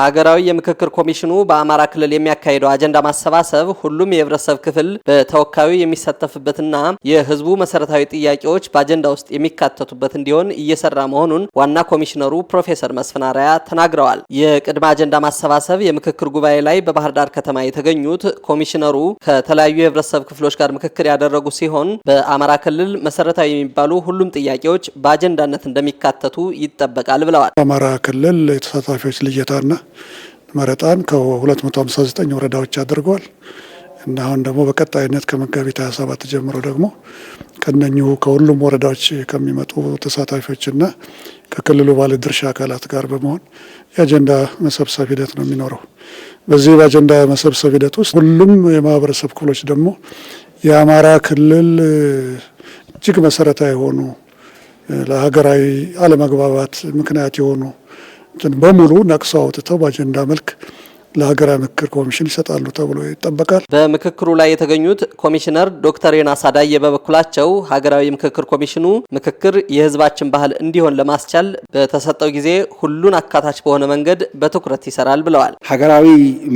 ሀገራዊ የምክክር ኮሚሽኑ በአማራ ክልል የሚያካሄደው አጀንዳ ማሰባሰብ ሁሉም የህብረተሰብ ክፍል በተወካዩ የሚሳተፍበትና የህዝቡ መሰረታዊ ጥያቄዎች በአጀንዳ ውስጥ የሚካተቱበት እንዲሆን እየሰራ መሆኑን ዋና ኮሚሽነሩ ፕሮፌሰር መስፍን አርአያ ተናግረዋል። የቅድመ አጀንዳ ማሰባሰብ የምክክር ጉባኤ ላይ በባህር ዳር ከተማ የተገኙት ኮሚሽነሩ ከተለያዩ የህብረተሰብ ክፍሎች ጋር ምክክር ያደረጉ ሲሆን በአማራ ክልል መሰረታዊ የሚባሉ ሁሉም ጥያቄዎች በአጀንዳነት እንደሚካተቱ ይጠበቃል ብለዋል። በአማራ ክልል የተሳታፊዎች ልየታና መረጣን ከ259 ወረዳዎች አድርጓል እና አሁን ደግሞ በቀጣይነት ከመጋቢት 27 ጀምሮ ደግሞ ከነኚሁ ከሁሉም ወረዳዎች ከሚመጡ ተሳታፊዎችና ከክልሉ ባለድርሻ አካላት ጋር በመሆን የአጀንዳ መሰብሰብ ሂደት ነው የሚኖረው። በዚህ በአጀንዳ መሰብሰብ ሂደት ውስጥ ሁሉም የማህበረሰብ ክፍሎች ደግሞ የአማራ ክልል እጅግ መሰረታዊ የሆኑ ለሀገራዊ አለመግባባት ምክንያት የሆኑ በሙሉ ነቅሰው አውጥተው በአጀንዳ መልክ ለሀገራዊ ምክክር ኮሚሽን ይሰጣሉ ተብሎ ይጠበቃል። በምክክሩ ላይ የተገኙት ኮሚሽነር ዶክተር ዮናስ አዳዬ በበኩላቸው ሀገራዊ ምክክር ኮሚሽኑ ምክክር የህዝባችን ባህል እንዲሆን ለማስቻል በተሰጠው ጊዜ ሁሉን አካታች በሆነ መንገድ በትኩረት ይሰራል ብለዋል። ሀገራዊ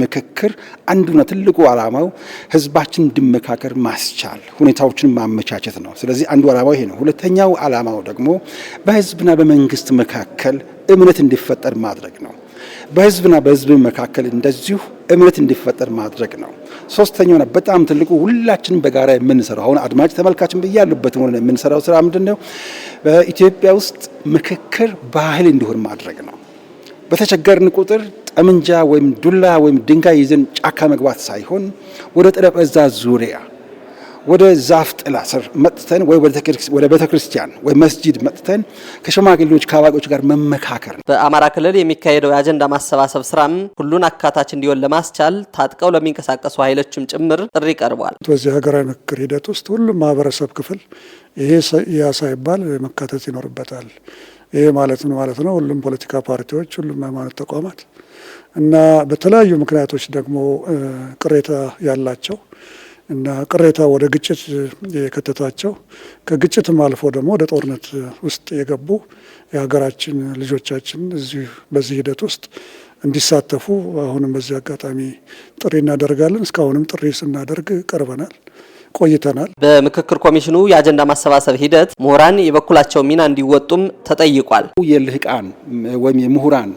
ምክክር አንዱና ትልቁ ዓላማው ህዝባችን እንዲመካከር ማስቻል፣ ሁኔታዎችን ማመቻቸት ነው። ስለዚህ አንዱ ዓላማው ይሄ ነው። ሁለተኛው ዓላማው ደግሞ በህዝብና በመንግስት መካከል እምነት እንዲፈጠር ማድረግ ነው። በህዝብና በህዝብ መካከል እንደዚሁ እምነት እንዲፈጠር ማድረግ ነው። ሶስተኛውና በጣም ትልቁ ሁላችንም በጋራ የምንሰራው አሁን አድማጭ ተመልካችን ብያሉበት ሆነ የምንሰራው ስራ ምንድን ነው? በኢትዮጵያ ውስጥ ምክክር ባህል እንዲሆን ማድረግ ነው። በተቸገርን ቁጥር ጠመንጃ ወይም ዱላ ወይም ድንጋይ ይዘን ጫካ መግባት ሳይሆን ወደ ጠረጴዛ ዙሪያ ወደ ዛፍ ጥላ ስር መጥተን ወይ ወደ ቤተክርስቲያን ወይ መስጂድ መጥተን ከሽማግሌዎች ከአዋቂዎች ጋር መመካከር ነው። በአማራ ክልል የሚካሄደው የአጀንዳ ማሰባሰብ ስራም ሁሉን አካታች እንዲሆን ለማስቻል ታጥቀው ለሚንቀሳቀሱ ኃይሎችም ጭምር ጥሪ ቀርቧል። በዚህ ሀገራዊ ምክክር ሂደት ውስጥ ሁሉም ማህበረሰብ ክፍል ይሄ ያ መካተት ይኖርበታል። ይሄ ማለት ነው ማለት ነው? ሁሉም ፖለቲካ ፓርቲዎች፣ ሁሉም ሃይማኖት ተቋማት እና በተለያዩ ምክንያቶች ደግሞ ቅሬታ ያላቸው እና ቅሬታ ወደ ግጭት የከተታቸው ከግጭትም አልፎ ደግሞ ወደ ጦርነት ውስጥ የገቡ የሀገራችን ልጆቻችን እዚሁ በዚህ ሂደት ውስጥ እንዲሳተፉ አሁንም በዚህ አጋጣሚ ጥሪ እናደርጋለን። እስካሁንም ጥሪ ስናደርግ ቀርበናል ቆይተናል። በምክክር ኮሚሽኑ የአጀንዳ ማሰባሰብ ሂደት ምሁራን የበኩላቸው ሚና እንዲወጡም ተጠይቋል። የልህቃን ወይም የምሁራን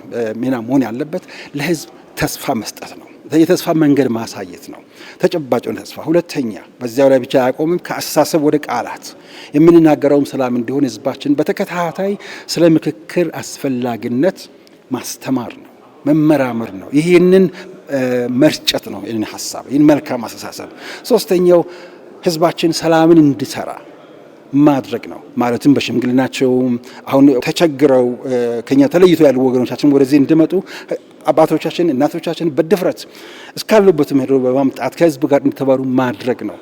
ሚና መሆን ያለበት ለህዝብ ተስፋ መስጠት ነው። የተስፋ መንገድ ማሳየት ነው። ተጨባጭ የሆነ ተስፋ። ሁለተኛ በዚያው ላይ ብቻ አያቆምም። ከአስተሳሰብ ወደ ቃላት የምንናገረውም ሰላም እንዲሆን ህዝባችን በተከታታይ ስለ ምክክር አስፈላጊነት ማስተማር ነው፣ መመራመር ነው። ይህንን መርጨት ነው። ይህን ሀሳብ ይህን መልካም አስተሳሰብ። ሶስተኛው ህዝባችን ሰላምን እንዲሰራ ማድረግ ነው። ማለትም በሽምግልናቸውም አሁን ተቸግረው ከኛ ተለይቶ ያሉ ወገኖቻችን ወደዚህ እንዲመጡ አባቶቻችን እናቶቻችን በድፍረት እስካሉበትም ሄዶ በማምጣት ከህዝብ ጋር እንዲተባሩ ማድረግ ነው።